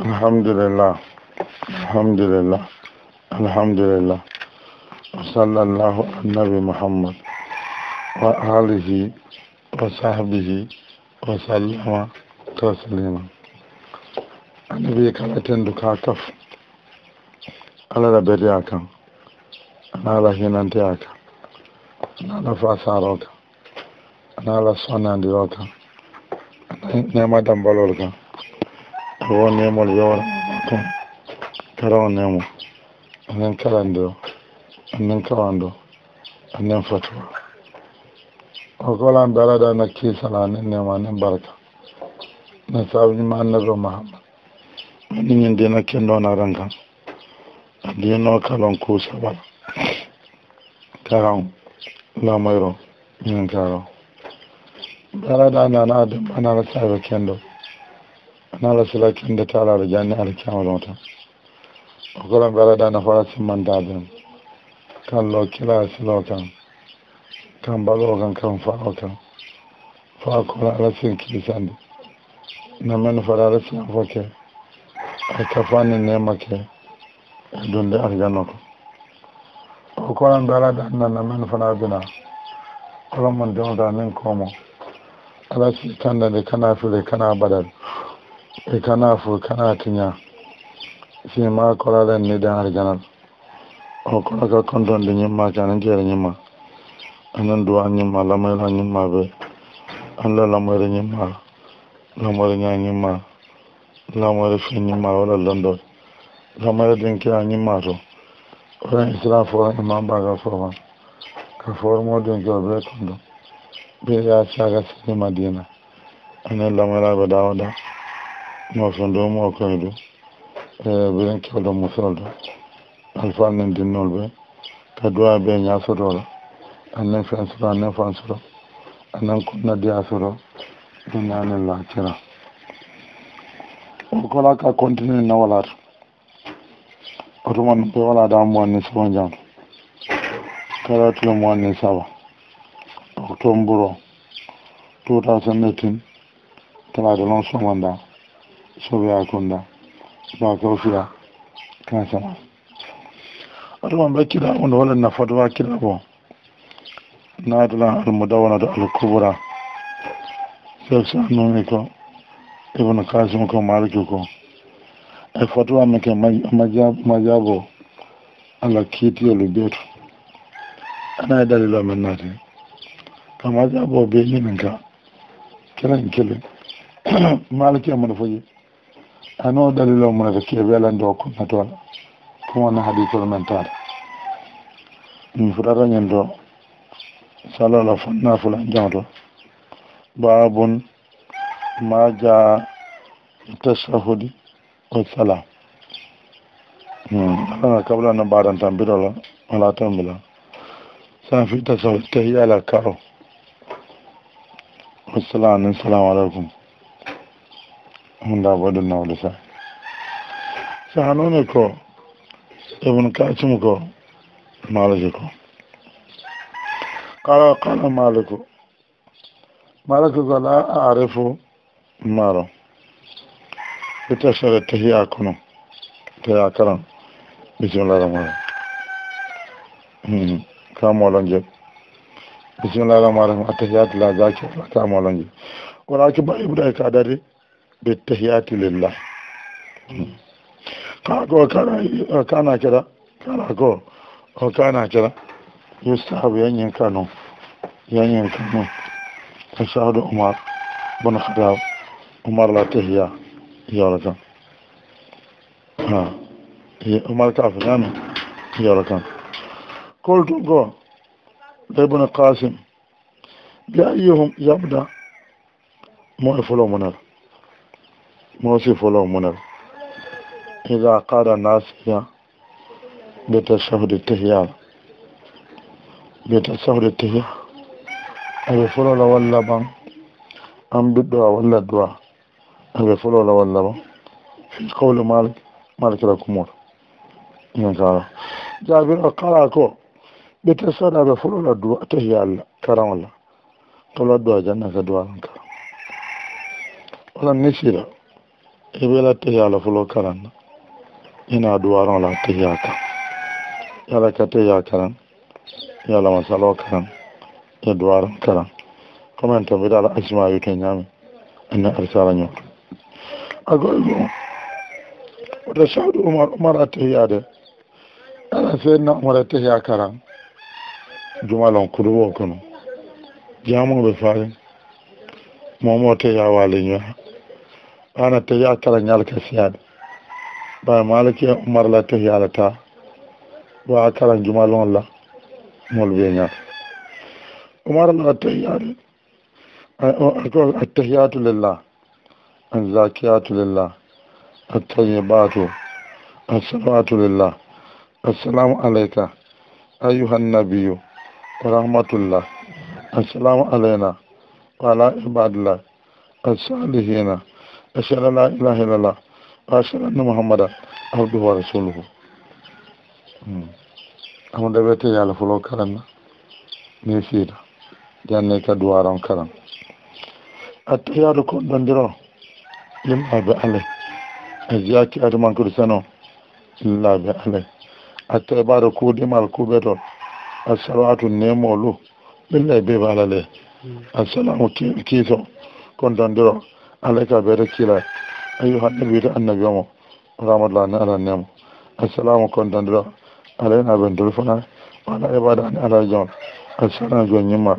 الحمد لله الحمد لله الحمد لله وصلى الله على النبي محمد وآله وصحبه وسلم تسليما النبي كان تندو كاكف على ربيعك أنا على هنانتيك أنا على فاساروك أنا على أنت ديوك أنا نعمة دمبلوك أنا wo nemol yowra karawo nemo anen karande a anen kawando anen fatuwa o kolan darada na ke anen nema anen barka na sabiñima annabi mahamad aniñin dina ranka a adino kalon kusabar karan lamairo minen karo na nana adem anara sabe kendo da tara da jani a rikin wani wata garada gara da na lo kila silo kan kan baɗo kan kan fa'o kan fa kola ala sin kilisande na men fara ala sin fo ke a kafanin nema ke e dunde argano ko o kolan garada anna na men fara bina kolan mon dewta min komo ala kan da kana file kana baɗal e kana fo kana ma fima ne ni dan arjanal o kono ka kontonde ñimma kane ma ñimma anen duwa ñimma lamoyla ñimma ɓe anla lamoyre ñimma lamoyre ña ñimma lamoyre fi ñimma wala londol lamoyre din kea ñimma to oran isra foran imam baga fofan ka formo din keo ɓe kondo ɓe ya caga sini madina anen da dawa da mawson ɗo mo koyɗo e ɓeɗen kewɗo musolɗo alfanen dinnol ɓe ka duwa ɓe ñasotoɗo annen fensoro annen fansoro annen konnadi asoro ɗunanen lacira o kola ka continue na walata otuma ɗum ɓe walada moanni sobo jam karatilo moanni saba octobre o 2018 talaɗo lon somanda soɓeya conda, ba kawfira kan sama oɗuman ɓe kila hunde wala nafatu ha kila bo naatalan sai alkubra chef ne ko ibnu kasim ko maliki ko e fatuwa min ke majabo alakiti kiitiyolu beetu ana e dalilo min naati ko majabo be yimin ka kiran kilin maliki e foji ano dalilo mun ke welande o kunna toon ɗum wona hadisol men taata mi fuɗata ñen to salala na fula janto babun ma jaa tashahudi o salam hmm, alana kabla no mbaɗan tan mbiɗola wala tan mbila san fi tasahud tahiyala karo wassalamu aleykum salamu aleykum honda waɗi nawde sa saha noon ko ibn kacim ko malaji ko qala qala maliku maliku hmm. ko la arifu maro itasara tahiya kono tahiya karan bisimillah rahman rahim ka molon jeb bisimillah rahman rahim atahiyatu la zakir ka molon jeb wala ki ba ibda ya dare بالتهيات لله كاكو كان كان كذا كاكو او كان كذا يستحب يعني ان كانوا يعني كانوا تشهد عمر بن خطاب عمر لا تهيا يا رجا ها هي عمر كافر انا يا رجا قلت قول ابن القاسم بأيهم يبدأ مؤفل منار موسي فلو منر إذا قال الناس بتشهد التهيار بتشهد التهيار أبي فلو لو اللبن أم بالدعاء ولا الدعاء أبي فلو لو اللبن في قول مالك مالك الأمور جابر قال أكو بتشهد أبي فلو لو الدعاء تهيار كرام الله قال الدعاء جنة كدعاء كرم ولا نسيره i be latihiya la fɔlɔ karan na i n'a duwarɔn la tihiya kan yala ka tihiya karan yala masalaw karan ya duwarɔn karan kuma n tɔbi da la asima yi kɛ ɲaami ani arisala a go ko o da sadu umar umar a tihiya da yala sai na umar a tihiya karan jumalɔn kurubo kɔnɔ jamu bɛ farin mɔmɔ ya wale ɲɔ ana ta ya karan yalka da ba maliki umar la ta yalata ba a karan jumalon la mulbe nya umar la ta ta yi atu lilla an zakiyatu a sama atu lilla assalamu alaika ayyuhan nabiyyu wa rahmatullah assalamu alaina wa ala ibadillah as-salihina أشهد أن لا إله إلا الله وأشهد أن محمدا عبده ورسوله أمد بيتي على فلو كرنا نسير جاني كدوارا كرم التحيات كون دندرو لما بألي أزياكي أرمان كرسانو إلا بألي التعبار كودي مالكوبتو الصلوات النيمولو بالله بيبالا لي السلام كيسو كون دندرو allah ka kila kiila ayi haɗɗe da annabi omo rahmatullah ne ala nemo assalamu contandira alayna ɓen dori fana wala ibada ani ala joon assalamu jon ñimma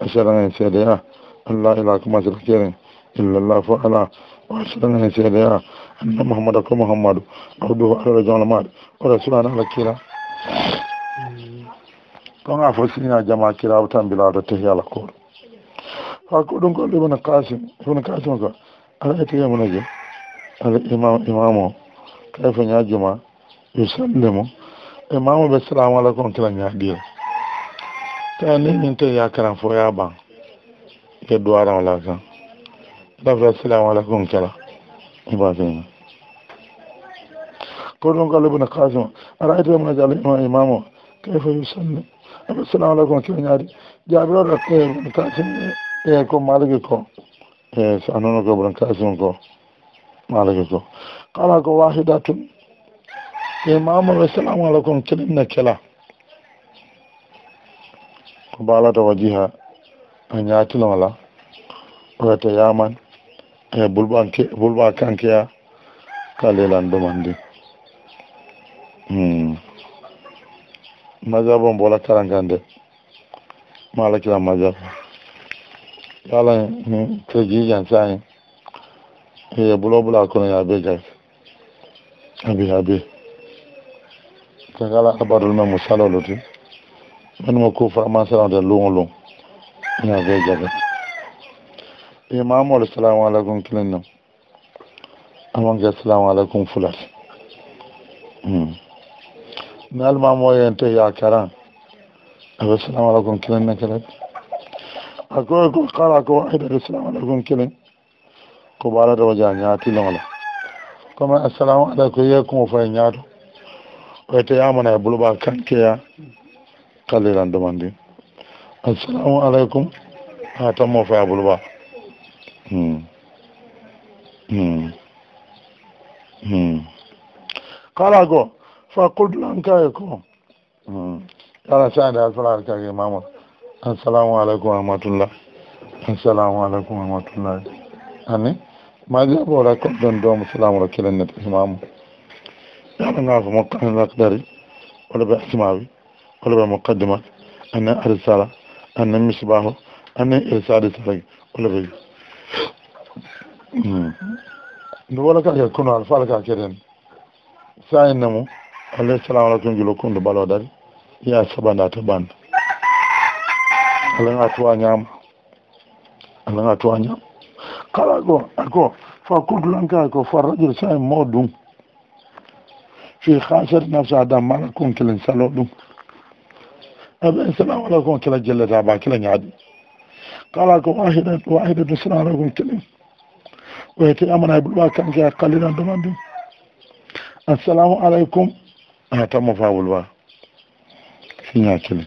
assalamu en seede ya allah ila kuma masira keren illallah fo ala o assalamu en seede ya annabi mouhammada ko mouhammadou awdu ko alala joon maɗe o rasulani ala kila ko ga fo sina jama kiraɓe tan mbilaɗo tehi ala koɗo ɗum ko ibnu kasim ibnu kasim ko ala etiye munaje ala imam imamo san ñajuma mu. imamu ɓe salamu ala kon kila ñaɗira Ta ni min y'a yakaran fo ya ɓan ye duwaran wala kan ɗafe salamu ala kon kela ibatema ko ɗum ko ala ibnu kasim ala etiye munaje ala imam imamo kayfa yusallim aɓe salamu ala kon kila ñaadi jaabiroɗo kasim e ko maliki ko e so annono ko ɓuran kasim ko maliki ko kala ko wahida tun e mamalo salamu aleykum kelinna kela ko mbalata wajiha a ñatilomala wiyete yaman e bulɓanke bulɓa yala kirji jansa ne ya bulo bula kuna ya be gai abi abi ta kala abarul na musala lutu min ma ko fa ma sala da lungu lungu ya be gai imamu assalamu alaikum kilin nan amon ga salamu alaikum fulat hmm. na almamu yanta ya karan assalamu alaikum kilin nan kilin akoy ko kala ko a wahidatu assalamu aleykum kelen ko ɓalata waja ñaatilogola comme assalamu aleykum ye kumo foye ñaato oyte yamana e buluɓa kankeya kalilan demandi assalamu aleykum ha tanmo foye a buluɓa kala ko fa hmm. hmm. hmm. kultulankaye ko yala sande alfalaka kake mamadou assalamu aleykum rahmatullah assalamu aleykum rahmatullah ani majaɓora koɗɗon domo salamuro kilennete imamu yaɓanga ko mokkani lakdari wala ɓe asmawi wala ɓe mokaddimat anen arisala anen misbaho anen irsadi salagi wala ɓe nde wala kake kono ala fala ka keɗen sayinne mo alayhi salamu aleykum julo kundu ɓaloɗari ya saɓanda to ɓanda alan atuwa ñama alan atuwa ñama kala ko ako fa kudlanka ko fa rajul sa mo ɗum fi hasat nafsa adam mana kun kilen salo ɗum aɓe salamu aleykum kila jellata ba kila ñaadi kala ko wahida wahidatu salamu aleykum kilen wayte amana e ɓuɗɓa kanke a kallinan ɗuma ɗum assalamu aleykum a tammo fa wulwa ya kilen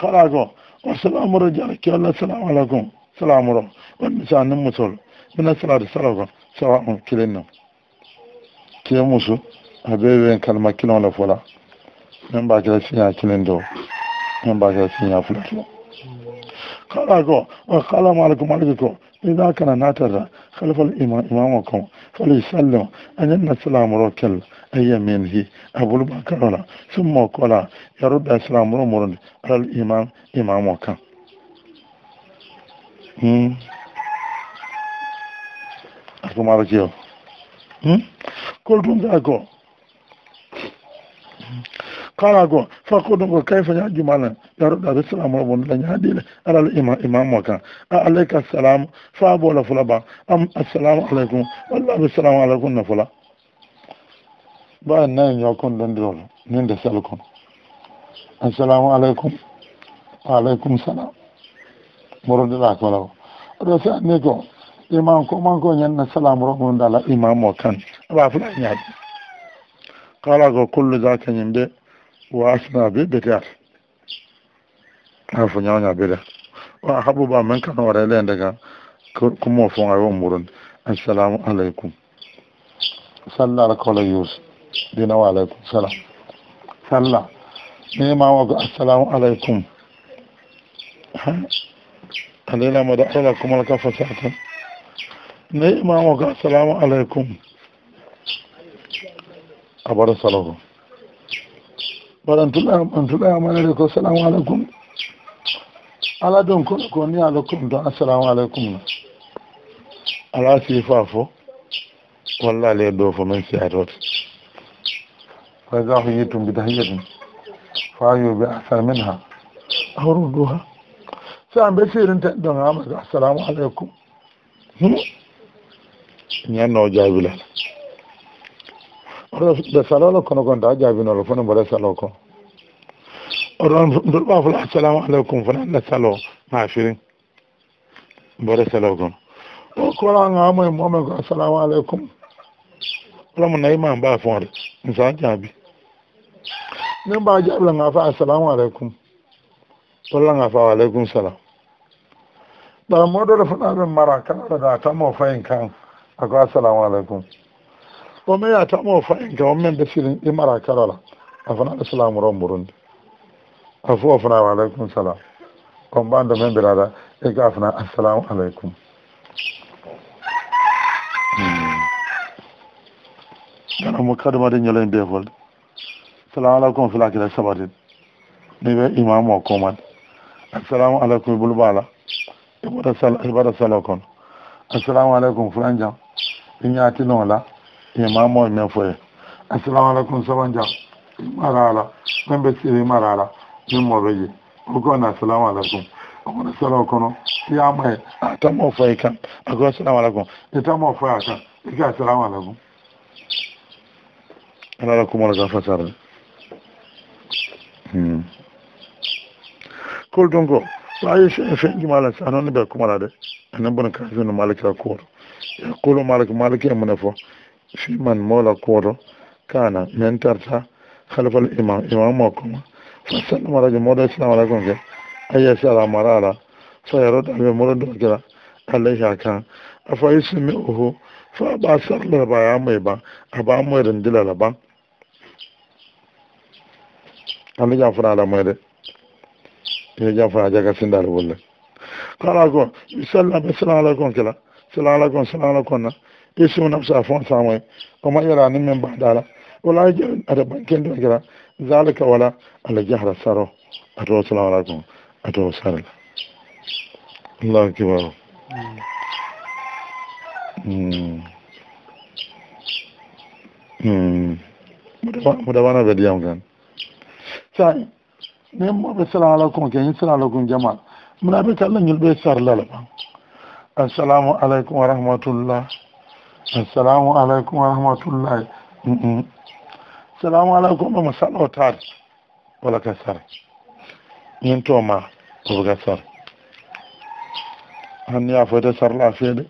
قراغو والسلام الرجال كيلا السلام عليكم سلام الله والنساء نمسل من السلام السلام سلام كلنا كي موسو هبي بين كلمة كلنا فلا من باقي لسنا كلنا دو من باقي لسنا فلا قراغو وقال عليكم عليكم إذا كان ناتر خلف الإمامكم fali sallo anin na silamuro kel ayya minhi abul bakarola sun mokola ya rubuta silamuro murun al imam imamo kan akumara kiyo koltun da ko kala go fa ko kayfa ya da yaroɗa bisalamu bon la ñaaɗile ala al imam o kan a alayka assalamu fa la fula ba am assalamu alaikum walla assalamu aleykum na fula ba nayi ño kon do min de sal kon assalamu alaikum wa aleykum salam da ko law do sa ne ko imam ko man ko ñanna salamu da ala imam o kan ba fula ñaaɗi kala go kullu zaka ñimɓe wa asna bi bidat afo nyawnya bida wa habuba man kana wara len daga kuma fon ayo murun assalamu alaikum sallar kola yus dina wa alaikum salam salla ne ma wa assalamu alaikum alayla ma da ala kuma ka fasata ne ma wa assalamu alaikum abar salamu baɗan tuɗayama nede ko salamu aleykum ala ɗon kono ko ni ala kom ton assalamu aleykum hmm? no ala siifa fo walla ale ɗo fo min siyatote par exemple yittum bidahiyatum fa yuɓe asan min ha awruduha so an ɓe sirinten ɗon amaga assalamu aleykum ñanno jaabilal ɓe salolo kono kon ta jaabinolo fone mboɗa ndọrọ ko oɗon ndoɗ ndọrọ fula assalamu aleykum fona anna salo ndọrọ firi mboɗa salo kon o kolanga moye momen ko assalamu aleykum wala mo nayima mba fonde mi sa jaabi fa kuma me yata mo fayin ka o men be sirin imara karola a fana ala silamuro murundi a fo fana wa alaikum salam on ɓanɗo men birada e ga fana assalamu aleykum hmm. ana mo kadumade ñaloy mbefol salamu aleykum filakila sabatin ni ɓe imam o komade assalamu aleykum bulbala ibada salo kon assalamu aleykum fulan jam i ñatinola imamol men foye assalamu aleykum sabanja marala ɗon bɛ siri marala min moɓeji okona assalamu aleykum okono sala kono siyamaye a tammo foye kam ako assalamu aleykum e tammo foye a kan i ika assalamu aleykum alala kumolo ka fasarde kol donc wawi feñjumala la noon ɓe kumala de enen bona kasino maliki a kooro e kolo maliki maliki e mune fɔ. fi man mola koro kana mentarta khalifal imam imam mako ma fa sallama rajul mola assalamu alaikum ya ayya salam ala fa yarud abi mola do kira allah ya kan afa yusmihu fa ba sallar ba ya mai ba aba mai rindila la ba amma ya fara da mai da ya ja fara daga sindar bulle kala ko sallama assalamu alaikum kila assalamu alaikum assalamu alaikum yesu nam sa fon sa moy ko ma yara ni men ba dala wala je ada ban ken do gara zalika wala ala jahra saro ato hmm. hmm. assalamu alaikum ato sar Allah ki wa Hmm. Hmm. Mudah mana dia kan? Sai, ni mahu bersalam alaikum, kini salam alaikum jemaat. Mula bercakap dengan bersalam alaikum. Assalamualaikum warahmatullahi assalamu alaikum wa rahmatullahi assalamu aleykum ɗomo saɗotade wala kasar yin to ma oga kasar hannu ya fi lafiya da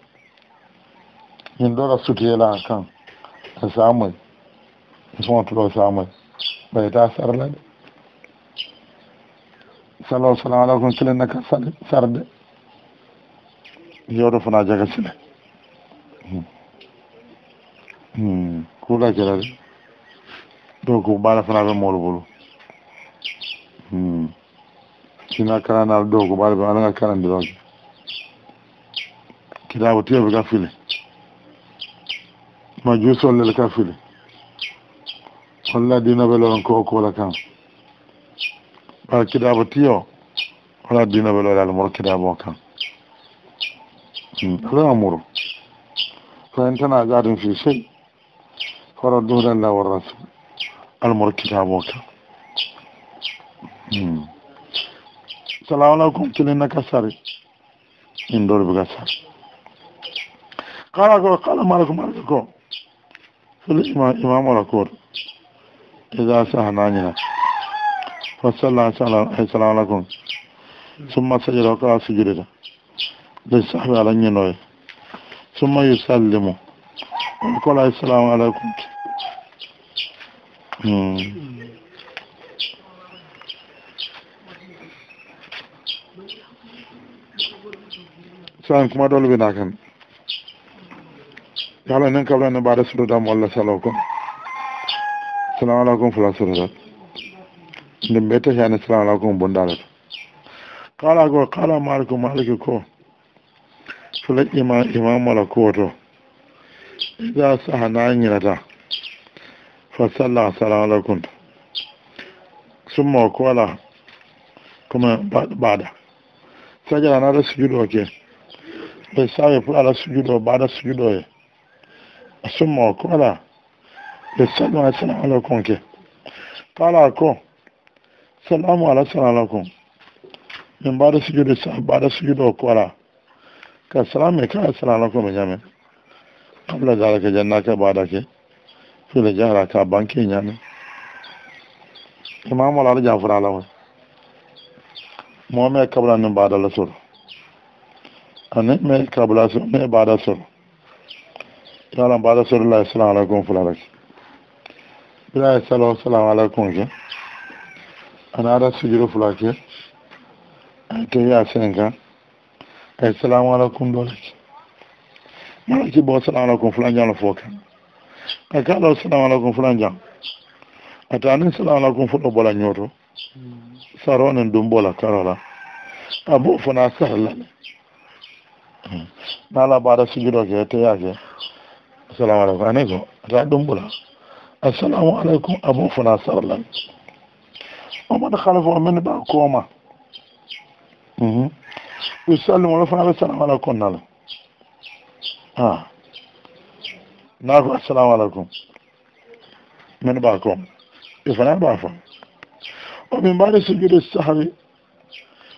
yin dora su ke sutiyela kan a e samoy somotuɗo samoy ɓeyda sarla ɗe salo salamu na kasar da yau da fona jaga sile kula kɛra dɛ dɔw baara fana bɛ mɔlu bolo sina kalan na dɔw baara ala ka kalan dɔrɔn kɛ kitabu tigɛ fili maju sɔlile ka fili wala dina bɛ lɔrɔn ko la kan bari kitabu tigɛ wala dina bɛ lɔrɔn alimɔrɔ kitabu kan ala ka muru fɛn tɛna a gaadin فردونا الله والرسول المر كتاب وكا السلام عليكم تلنا كسر إن دور بكسر قال قال مالك مالك في الإمام الأكبر إذا سهنانينا فصلى السلام عليكم ثم سجد وقال سجد للصحب على النينوي ثم يسلمه kola assalamu alaikum hmm. sa'an kuma dole bi na kan kabla su da assalamu alaikum fula beta assalamu alaikum kala go kala maliki ko fula imam za su hana yin yata fasalla salamu alaikun sun makwala kuma ba da sai na da su gido ke bai sami fula da su gido ba da su gido ya a sun makwala da salamu alaikun ke kala ko salamu ala alaikun min ba da su gido ba da su gido kwala ka salamu ya kawai salamu alaikun mai jami'a kabla dalika jannake baɗake fila jara ka banke ñane imam ala aɗa jafurala wa moome kabla nin baɗala sor ani me kabla sor me baɗa sor yalan baɗa sorla salamu aleykum fularake bila salo salamu aleykum ke ana aɗa sujuru fulake ay tewi a sen kan ay salamu aleykum dolake ci bo salamu alaikum fulan jang la foka e ka ka do salamu alaikum fulan jang atanin e salamu alaikum fudo bola nyoto saronen dum bola karola abu fana sahla hmm. nala bada sigido kɛ te yake assalamu alaikum aneko ata dum bola assalamu a b'o fana sahla o ma khalafu min ba koma mhm yusallimu ala fana salamu alaikum nala ha na ku assalamu alaikum min ba ko ifana ba fa o min ba da sujudu sahwi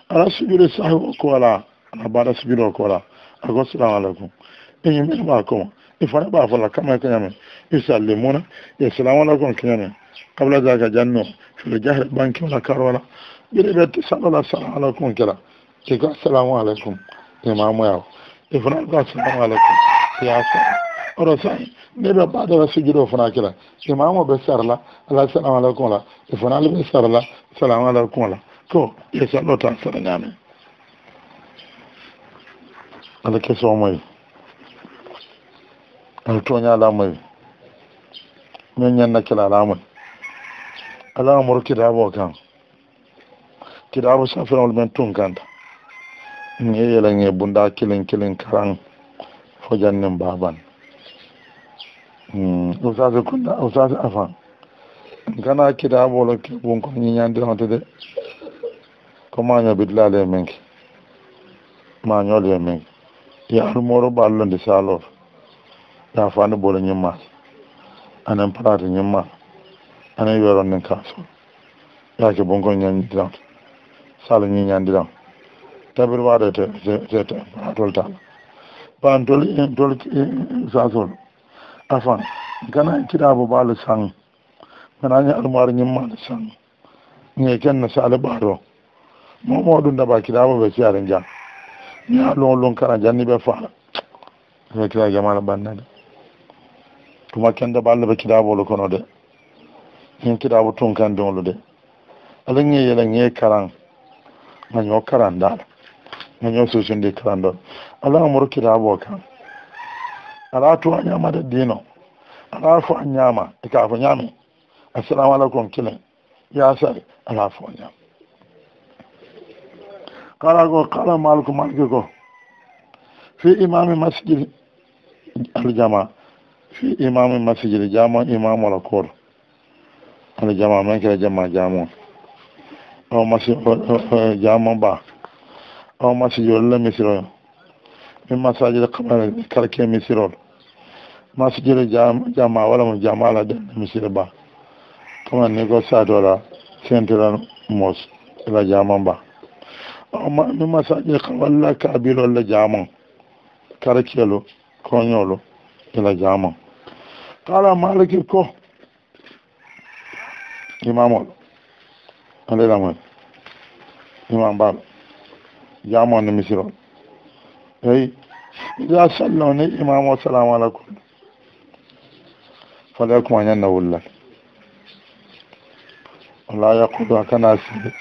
ala sujudu sahwi ko ala ana ba da sujudu ko ala ako assalamu alaikum in min ba ko ifana ba fa la kama e ko nyame isallimuna ya e, assalamu alaikum kinyame kabla zaka janno fil jahr banki wala karola bire be sallallahu alaihi wa sallam alaikum kala ko assalamu alaikum imamu yawo e fana ko assalamu aleykum siyasa oɗo sayi ne ɓe da sujude o fana kira imamo ɓe sarla ala salamu aleykum ola e fana ala ɓe sarla salamu aleykum ola to yeso ɗo tan saɗa ñaami ala keso moyi ala toñala moyi min ñanna kila ala moyi ala moro kitaabo kan kitaabo safirewol men tun kanta ni yelen ye bunda kilin kilin karan fojannin baban usase kunda usase afan kana kida bolo ke kibun ko ni nyandi hoto de ko ma nyo bidlale menki ma nyo le menki ya moro ballo de salor ya fa fani bolo nyimma anan prata nyimma anan yoron nin kaso ya ke bungon nyandi dan sala nyi nyandi dan tabirwaɗo toltama ba tol tol sasol afan gana ba kiɗabo baalo sang ganañi almoir ñimmaɗo sang ñe kenno sale ɓaɗo momo ɗum daɓa kiɗabo ɓe siyare jam ña lon lon kara janni ɓe faala ɓe kiɗa jamala ɓannade tuma kende ɓalle ɓe kiɗabolo kono de ñin kiɗabo tunkandiolo de ala ñe yela ñe karan ma ño karan dala min ñosusundi karandol ala morokkita bo kan ala tu a ñamata diino ala fo a ñaama e kaa fo ñaami assalamu aleykum kile yaasari ala fo a ñaam kala ko kala maliko maliki ko fi imami masjidi aljama fi imami masjidi jaamon imam wala kooto aljama min kira jamma jaamon o masi jaamon baa aw masijol la misiro min masajil kamara karke misirol masijil jama wala mo jama la den misiro ba kama ni ko sadola sentiran mos la jama ba amma min masajil kamara kabilol la jama karkelo konyolo ila jama kala maliki ko imamol ale lamol imam balo jamon misiro ay ida sallo ne imamu assalamu alaikum fala kuma yan na wulla wala ya kudu kana si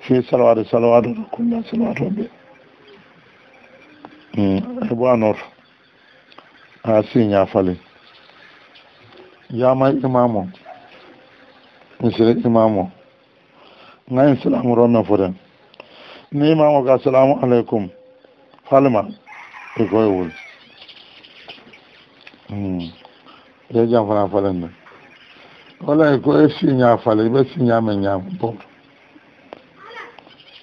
fi salwa da salwa da kullu salwa da be mm abu anor a sin ya fale ya mai imamu misiro imamu ngayin salamu romen fudan ne ma ka assalamu aleykum falma e koye woni e fana falen de wala e koye siña fale ɓe siñamen ñama bon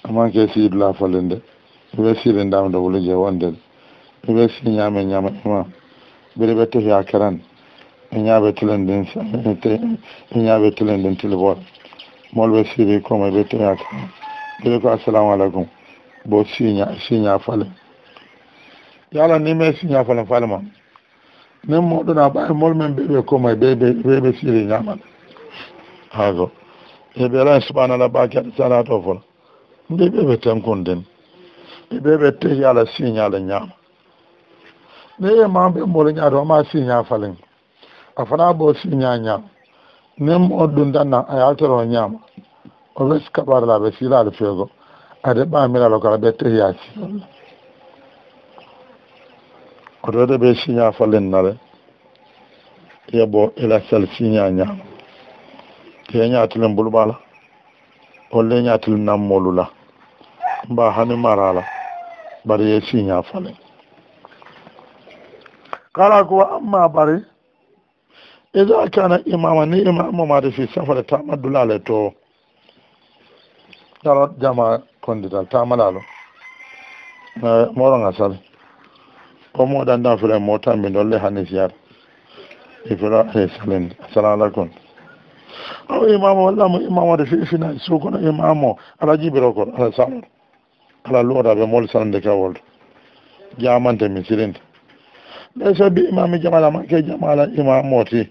amanke siidula falen de ɓe sirindama de wolo je wonde de ɓe siñamen ñama imam ɓeɗe ɓe tefi ha kerande e ñaaɓe telendin e ñaaɓe telendin tilibol molɓe siiri komoe ɓe tefi ha kerande kele ko assalamu aleykum bo siña siña fale yo allah ni mai siña fale falema nin moɗona ɓawi mol men ɓeɓe komay ɓeɓe siri ñamal hago e ɓe ala subhanallah baki aɗa sala to fola nde ɓeɓe tenkunden e ɓeɓe tehi ala siñala ñama ne e ma ɓe mol ñaato ma siña falen a fana bo siña ñama nin moɗɗum tan na a yaltoro ma. o ɓe kaɓarla ɓe silaade feego i ɓamiralo kala ɓe tehiya silolla otoɗe ɓe siña falinnare yeɓo ila sal siña ñaama te ñatilin bulɓala olle ñatilin nammolula mba hani la bari ye ɲa falen. kala ko amma bari ida kana imama ni imamomade fi safare tamaddulale to tara jama kondital ta tamalalo moroga sal ko moɗan ɗan fila mo tambi dolle hani siyar e fila e eh, salinde assalamu aleykum o imama wallamo imamade fifinaji sukono imam o ala jibiro kon ala saɗoto ala luwotaɓe mol salde kawolto jamante mi silinde ɓe so bi imami jamala ke jamala imam moti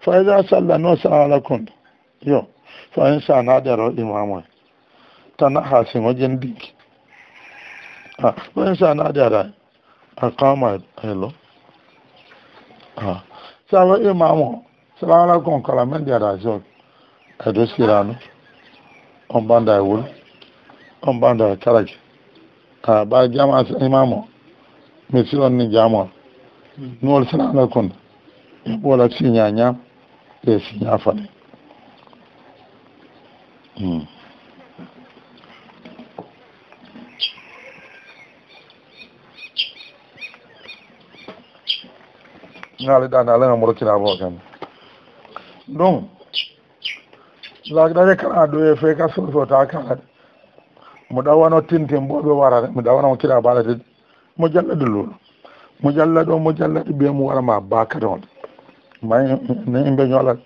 fa ida salla no salamu aleykum yo fa in na da imam o tana hasin wajen dinki a wani sa na jara a kama hello a sabon imamu salamala kon kalamen jara shok a doskiranu on banda wuri on banda karaki a ba jama imamu mai silon ni jama hmm. nuwar sinana kun wala sinyanya da e sinya faɗi ngaali ɗaani ala nga moro kiraaboo kan donc laagɗaje kana ɗoye fe ka soosota kala mo ɗawano tintin bo ɓe warare mi ɗawanamo kira baɗate mo jalla ɗo luuɗo mo jalla ɗo mo jalla ɗo ɓe mo warama bakade on ma ne imɓe ñoolal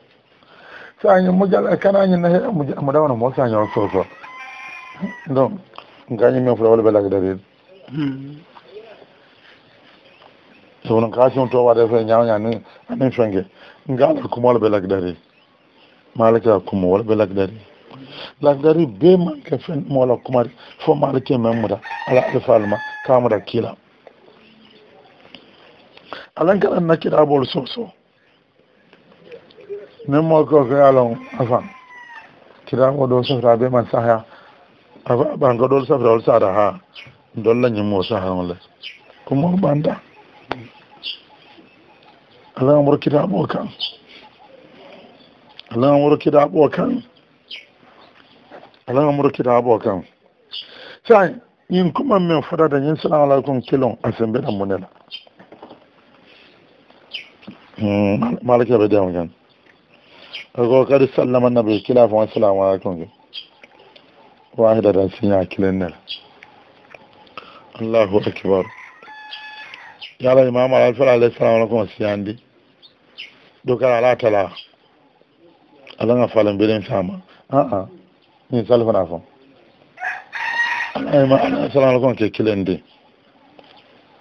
sañi mo jalla kanañi nahe mo ɗawano mo sañol don donc gañi min fura wala ɓe lagɗateɗe sonon kasim to waɗa fe ñawña ni anin fenke ala kuma wala ɓe lakdari malake kuma wala ɓe lakdari lakdari be manke fen mola kuma fo malake men muda ala alfalma kamuda kiila alan kaɗan nakkiɗabol soso nen mo koko yalon afan kiɗamo ɗo sofra be man sahaya afa ɓanko ɗol sofra ol sara ha dolla ñimmo sahaole kumo ɓanda ala moro kitaɓo kan ala moro kitaɓo kan ala moro kitaɓo kan sai yin kuma min fada da yin salamu alaikum kilon a sambe da munela hmm, malaka bai da wajen ko kadi sallama nabi kila fa assalamu alaikum wahida da sun ya kilin nan Allahu akbar yala imam al-fara alayhi salam alaikum siyandi dokara ala tala ala nga falen birin sama a'a ni salfa na fam ay ma assalamu alaikum ke kilende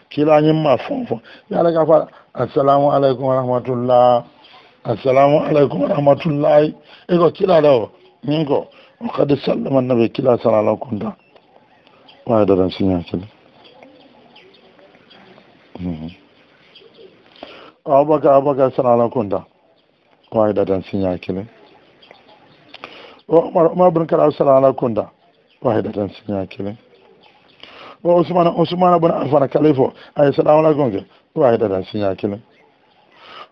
kila nyin ma fon ya la ka assalamu alaikum rahmatullah assalamu alaikum rahmatullah e ko kila dawo nyin ko qad sallama annabi kila sallallahu alaihi wasallam wa da ran sinya kila mm-hmm. abubakar abubakar suna ala kunda kuma da dadan sun ya kile umar umar bin kar suna ala kunda kuma da dadan sun ya kile wa usman usman bin affan kalifo ay salamu alaikum ke kuma da dadan sun ya kile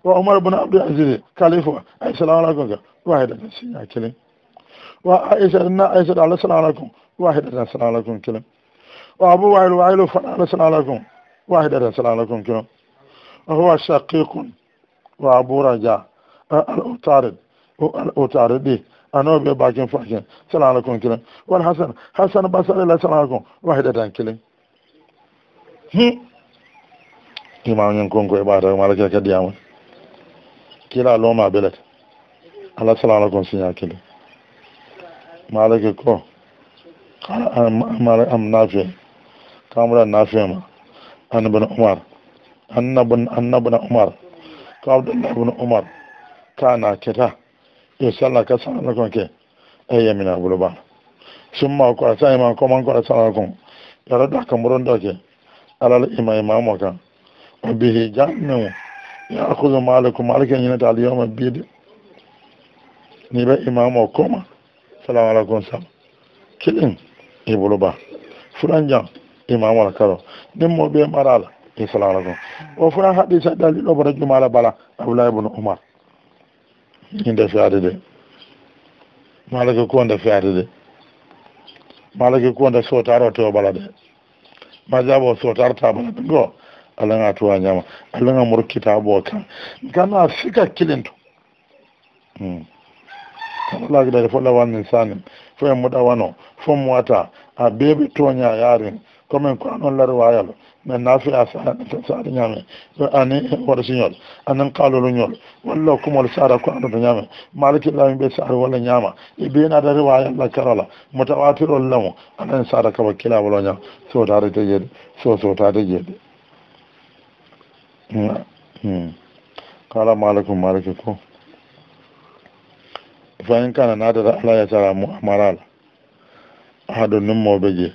wa umar bin abdul aziz kalifo ay salamu alaikum ke kuma da dadan sun ya kile wa aisha na aisha da allah salamu alaikum kuma da dadan salamu alaikum kile wa abu wa'il wa'il fa allah salamu alaikum kuma da dan salamu alaikum kile هو شقيق وأبو رجاء الأوتارد الأوتاردي أنا بباكين فاكين سلام عليكم كلين والحسن حسن بصر الله سلام عليكم واحدة كلين imam ñin konko e ɓaata mala kila kadiyama kila looma belete ala salama kon siña kili malake ko am nafe kamra nafema an bene omar annabin annabuna umar ko abdullah ibn umar kana keta ya salla ka sala kon ke ba yamina buluba summa ko asai ma ko man ko sala ya rada da kamuron da ke alal imai mamu kan bihi jami'u ya akuzo malikum malikan yana ta aliyoma bidi ni ba imamu koma salamu alaikum sam kiɗin ibuluba ba imamu alkaro ɗin mo be marala e salama aleykum o fona hadisa dali ɗo bota jumala bala abdoulahi bune oumar inde fiyade de malake kuwonde fiyade de malake kuwonde sotaro tewo bala de ma jabo sotarta bala de goo allah ga tuwa ñama allah ga morkkita boo kan gana sika kilinto hmm. kamalaaki ɗade fo ɗawannin sanin fo e mo ɗawano fo mo wata a beeɓe toña yarin commin ko anon lari wayalo من نافع سعد نعمة أني ورسي نعمة أنا قالوا نعمة والله كم والسارة كأنا نعمة مالك الله من بسعر ولا نعمة يبين هذا رواية الله كرلا متواتر لهم أنا سارة كوكلا ولا نعمة سو داري تجد سو سو تاري تجد قال مالك مالككم فإن كان نادر ألا يسرى مؤمرال أحد نمو بجيه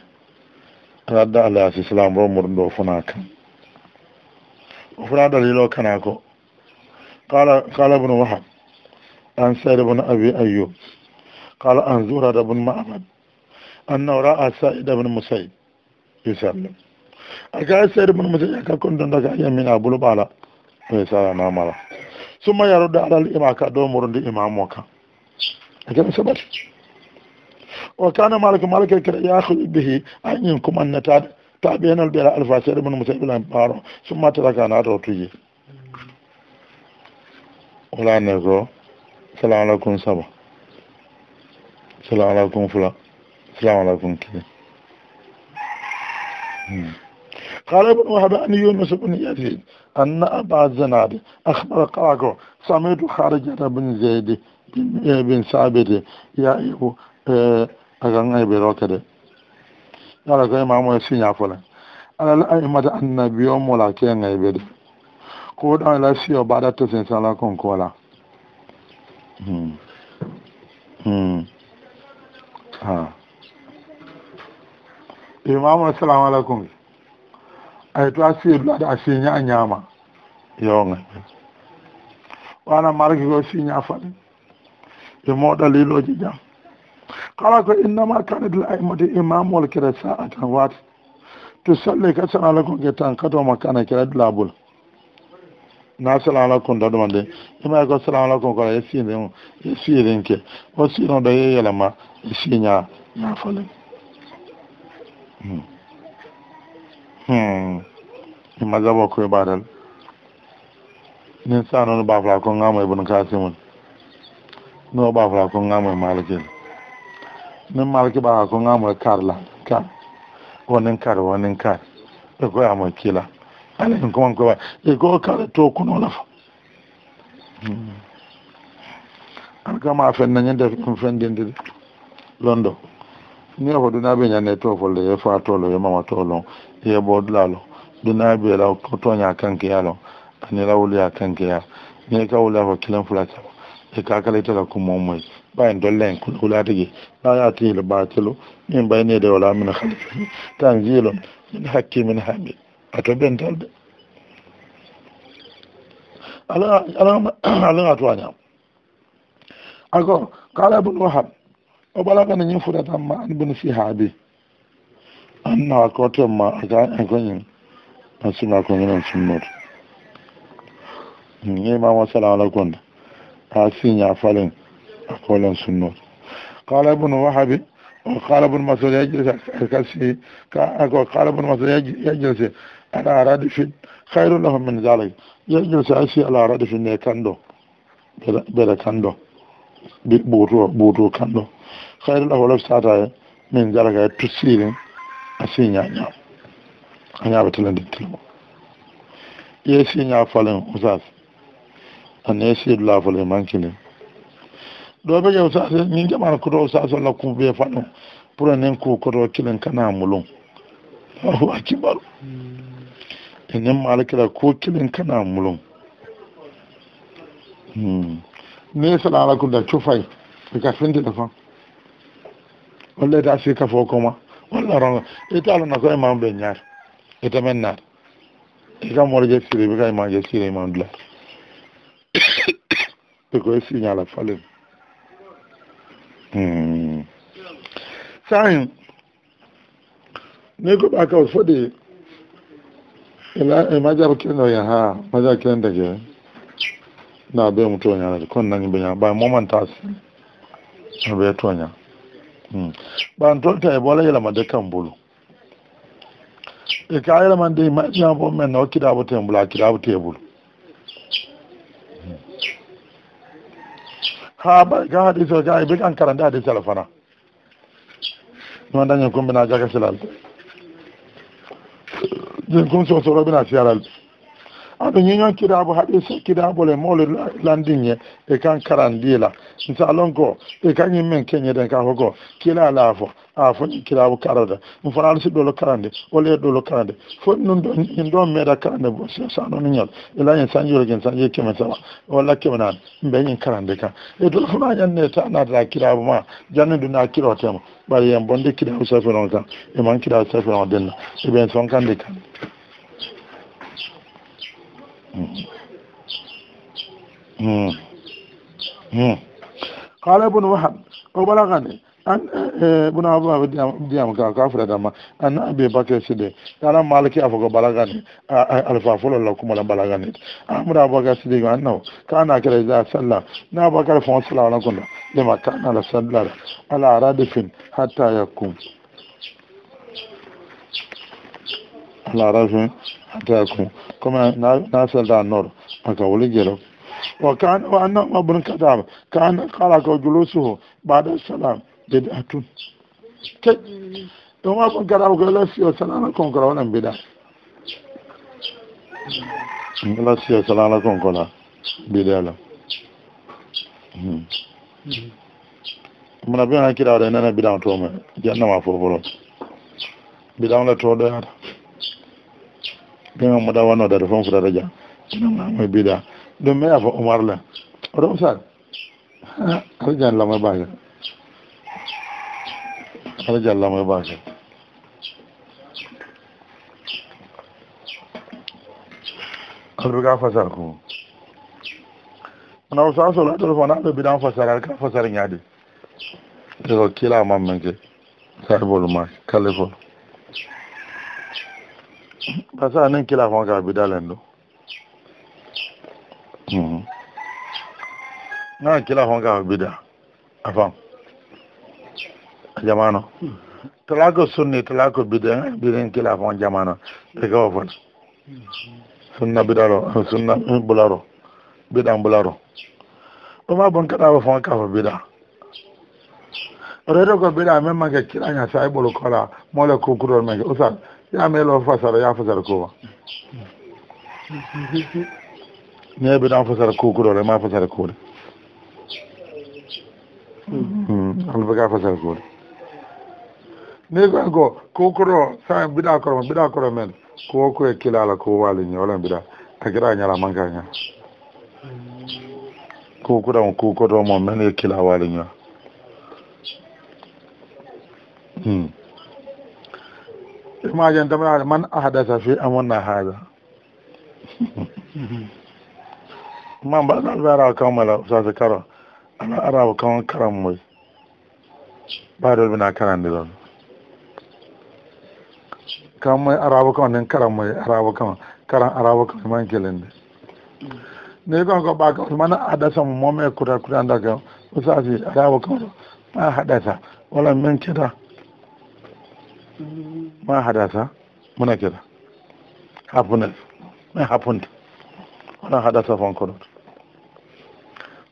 da radda ala asislam bo murɗo fana kan o fana dalilo kana ko qala qala ibn wahab an sa'id ibn abi ayyub kala an zuhra ibn ma'bad annahu ra'a sa'id ibn musayyib yusallim aka sa'id ibn musayyib ka kon don daga yamin abul bala to sala na mala summa yarudda ala al imaka do murɗo imamo a akan sabati وكان مالك مالك يأخذ به أن ينكم أن تابعين البلاء الفاسد من مسيب الأنبار ثم ترك أنا روتي ولا نزو سلام عليكم سبا سلام عليكم فلا سلام عليكم كذا قال ابن وهب أن يونس بن يزيد أن أبا الزناد أخبر قراكو سمعت خارجة بن زيد بن ثابت يا أيوه akan ay bero kede ala ko imamu e sinya fola ala ay mata annabi o mola ke ngay bede ko da la si o bada to sen sala kon ko la hmm hmm ha imamu assalamu alaikum ay to asi e la da sinya nyama yo ngay wana margi ko sinya fola e mo daliloji jam قال إنما كانت الأئمة إمام والكرة ساعة وات tusalle ka sana la kun ke tan kato ma kana kira dula bul na sala la kun da dum de ima ko sala la kun ko ya si ne ya si ne ke o si no da ko ba dal ne sa no ba ko ngamo ibn no ba ko min malaki ba ko ngamul karla ka wonin kar wonin kar e ko amo kila ala en ko kuma e ko kar to kuno la hmm. an kama fen na nyande ko fen dende londo ni ko duna be nyane to fo le fa to lo e mama to lo e bod la lo duna be la ko to nya kan ke ya lo ani la wuli ya kan ke ya ni ka wuli ko kilan fula ta e ka kala ita la kuma mu ɓayen dollen yi la yatihil batilu min da wala min halfi tanzilum min hakkimin hamid ato alin alaga ne ako kala bin wahab o fura ta ma an ibn sihabi an na akwato ma a suna sima koñinen ma imam assalamu aleykum a sinya falen قولا سنة قال ابن وهب وقال ابن مسعود يجلس الكسي وقال ابن مسعود يجلس على ردف خير له من ذلك يجلس عشي على ردف كندو بلا كندو بوتو بوتو كندو خير له لو ساتا من ذلك تسير أسينيا نعم أنا بتلن دتلو يسينيا فلن أساس أن يسير لا فلن مانكلين ɗo ɓe ƴew sa min jamana koto la kuuɓe faɗum pura nen ku koto kilin kana mulun allahu akibar hmm. enen malakira ko kilin kana hmm ne ala ko da e ka ika da fa walla ita sika fo koma walla ronga ita alana ko imam ɓe ñaata ita men naata ika morje siri ɓe ka imam je siri imam dulat ɓe koye la falen Hmm. sa'in ne ko ba ka fode ila e maja ke ha maja ke nda ke na be mu to nyana ko nan be nyana ba moment tas be to nyana hmm ba to ta e bola yala ma de kan bulu e ka yala man de kida te kida ha ba ga hadis o ga be kan karanta hadis ala fana non dañu ko mbina jaga silal jin kun so so robina siaral aɓe ñiñon kiraɓo haɗi le isi mawle landinñe e kan karandila misalon ko e men ka foko kila laafo a foñi kiraɓo karada ɗum fona aɗa siɗɗolo karande wala yeɗɗolo karande foti ɗum ɗin ɗon meeɗa karande bo sanonuñal ilañen sanjoroguen keme karande e, e dol fona ta ma na kirotema ɓari yen bonde kiraɓo safiron kan e man kiraɓo safiron e kan قال ابن وهب وبلغني أن ابن عبد ديام كافر دما أن أبي بكر سيدي قال مالك أفوق بلغني الفافول لكم ولا بلغني أمر أبو بكر سيدي أنه كان أكل إذا صلى نا أبو بكر فون صلى الله لما كان على صلى على رادف حتى يقوم على رادف حتى يقوم kuma na sanda nor aka wuli gero wa kan wa annan abun kada kan kala ka julusu ba da salam da atun ke to mm. ma kun kada ko la siyo salama kon kora wannan bida la siyo salama kon kora bida la hmm. muna bi na kira da nan bida to ma jannama furburo bida wala to da ɗum mo da dade fon fotata dia sinoma e biɗa y'a mi afa oumar le oɗo usad aɗa jani lamo e bakel aɗa jani lamo e bakel abdoga fasar ko ona usa sola tolo fo naɗo biɗan fasara ka fasar ñaadi eko kila mammen ke saybolu ma kalifol parce que anin kila fon ka bidalen do na kila fon ka bida afan jamano talako sunni talako bida eh? bidin kila fon jamano e ka wofon sunna bidaro sunna bularo bidan bularo o ma bon kada fon ka fo bida o ko bida men ma ke kila nya sai e bolo kola mole ko kuro men o sa ya melo fasara ya fasara kowa ne bi dan fasara ne ma fasara kowa hmm, an bi ka fasara kowa ne ko sai bi da kuro bi da kuro men ko ko e kilala ko wali ni wala bida akira nyala manganya ko kukuro mo men e kilala wali ni hmm ma jantamna man ahdasa fi wannan haza man ba za a rawa kan mala sa su karo ana arawa kan karan mai ba da na karan da zan kan mai arawa kan nan karan mai arawa kan karan arawa kan man kelen da ne kan ko ba ka mana hadasa mu mome kura kura da ga sa su arawa kan ma hadasa wala min kida ma hadasa muna kira happiness mai happened wana hadasa fankono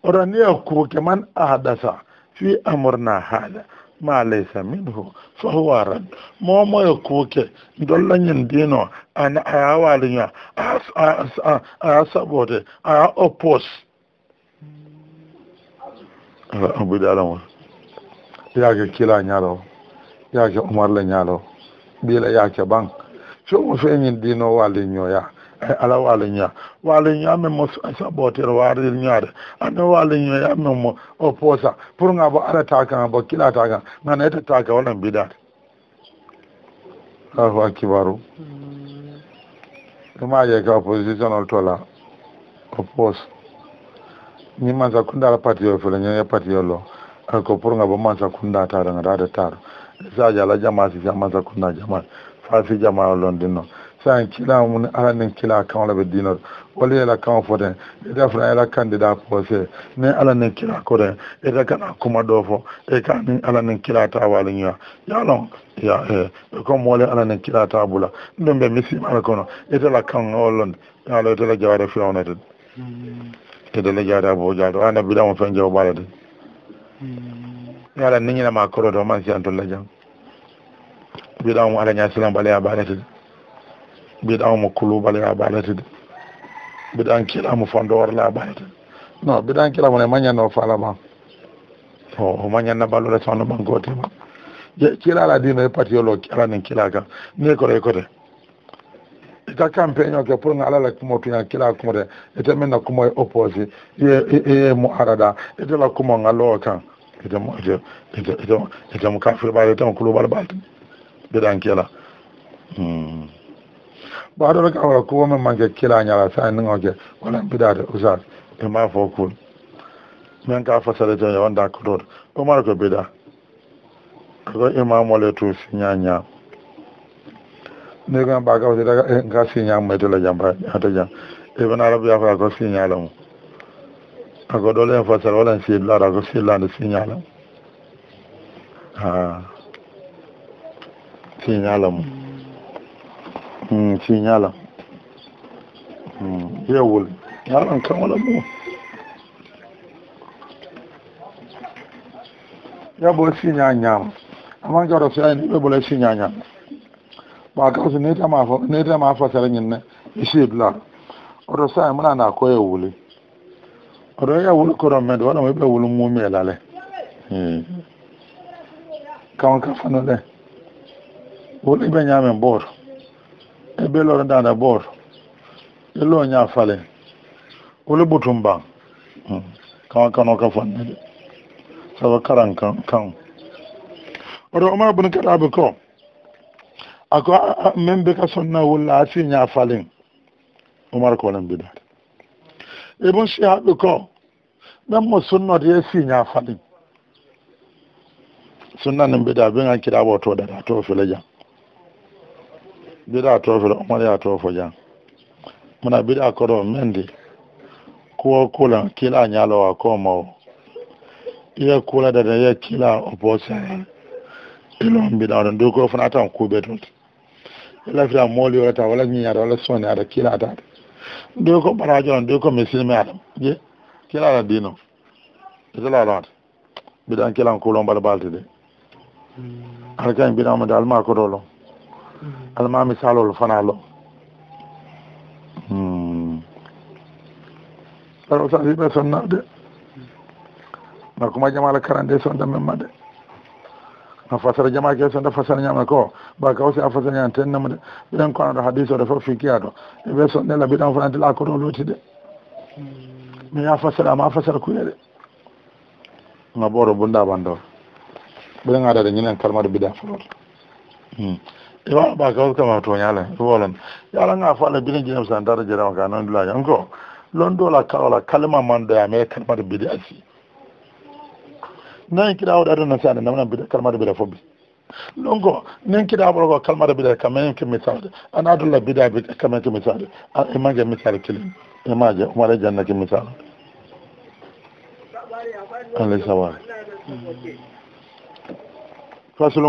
oraniya koke keman a hadasa fi amurna hada ma laisa minhu fa huwa rad mo mo ya koke dollan yin dino an ayawalinya a ya sabote a oppose abu da alamu ya ga kila nyalo ya ga umar la nyalo ya yaake ban somo feñin ɗino waaliñoya e eh, ala waaliñoya waaliñoya min mo saɓotero waaril ñaade amin waaliñoya min mo o poosa pour ga bo arata kan bo na kan nan etetaka wala mbiɗade kibaru akibaru hmm. ɗuma ka opposition ol tola o poos ñimman sa kundara parti o fele ñoye parti o lo ko pour ga bo man sa da gadade ta isaji ala jama si jama za kunna jama fasi jama lon dinno san kila mun ala nin kila kan la be dinno wala yala kan foten ida fana yala kandida pose ne ala nin kila ko e da kana kuma do fo e ka ni ala nin kila ta wali nya ya lon ya e ko mo le ala nin kila ta bula ndum be misi ma ko no ida la kan olon ala ida la jawara fi hmm. e ida la jawara bo jawara ana bi da mo fen jaw balade hmm. ala ni ñinama koro do man la jam mbiɗa mu ala ñasilan ɓaleya bi mbiɗa mo kulu ɓaleya baɗatide la kiɗamo fondo bi baɗatide non mbiɗan mu ne no fala ma o oh, mañanna ma sono ɓankotema kiilala dino e patiyolo alanin kiila ala ni re e kote ita campagne o ke pour nga ala la tu tuya kila kumo de ita min na kumo e ye iye mo arada ita la kumo nga loo kan ita mu kafir ba ita mu kulo bal bal bidan kela hmm. ba da raka wala ko men manke kila la sa nan oge wala bida da usas e ma fo ko men ka fa sare ta wanda ko dor o mar ko bida ko imam e wala to nyanya ne ga ba ga da ga e si mai to la jamba ata jan ibn e arabi ya fa ko si mu. ako ɗo len fasara waɗan sillaɗo ako sillande signala ha signala mum hmm, signala yewol yalan kan wala mum yaɓo signa ñaama aman kawɗo so ayni ɓe ɓola signa ñaama ɓa kaw so netama fo netama fasara ñinne e sibla oto sa mona na koye wuli oɗo ya wol koron men waɗa mo ɓe wol mumiyelale hmm. kawan ka fano ɗe wol iɓe ñamen booto e ɓelore dada booto e lo ña fale wole ɓotum ban hmm. kawan kano ka fanne de sabu karan kan kan oɗo omar kɔ a ko ako min bɛ ka sɔn sonna wolla a fi ɲa falen umar bi d'a. ibn shi haɗu ko ɗan mu sunnar ya fi ya faɗi sunanin bida bin an kira ba to da ta to fila jan bida to fila umar ya to fila jan muna bida koro mendi ko kulan kila nyalowa ko mawo iya kula da ya kila o oposa ilon bida wadanda duk ko fana ta kube tut ila fila moli wala ta wala nyi ya wala soni ada kila ada nde ko ɓaraji on nde ko mi sinmi adam je kelaɗa dinam e kelaɗoade mbiɗan kelan kulon mbaɗa balte de hmm. ara kañ mbiɗama de alma koto lo hmm. almami salol fana lo hmm. aɗa sa siɓe sonna de nakkuma jamala karan de sondamen ma de a fasara jama ke da fasara nyama ko ba ka wasi a nyama tan namu bidan kwana da hadisi da kiya to e be son nela bidan fana tila ko don loti de me ya fasara ma fasara ku de na boro bunda bando bidan ada da nyinan kalmar bidan e wa ba ka wasu kama to nyala wolan la nga fala bidan jinam san dara jira maka non dula ko lon la kala kalma man ya me kalmar nan kira wa dadin nan sani namna kalmar bida fobi longo nan kira borogo kalmar bida kamen ki misal an adulla bida bi kamar ki misal an imaje misal kili imaje umar janna ki misal Allah sawari fasulun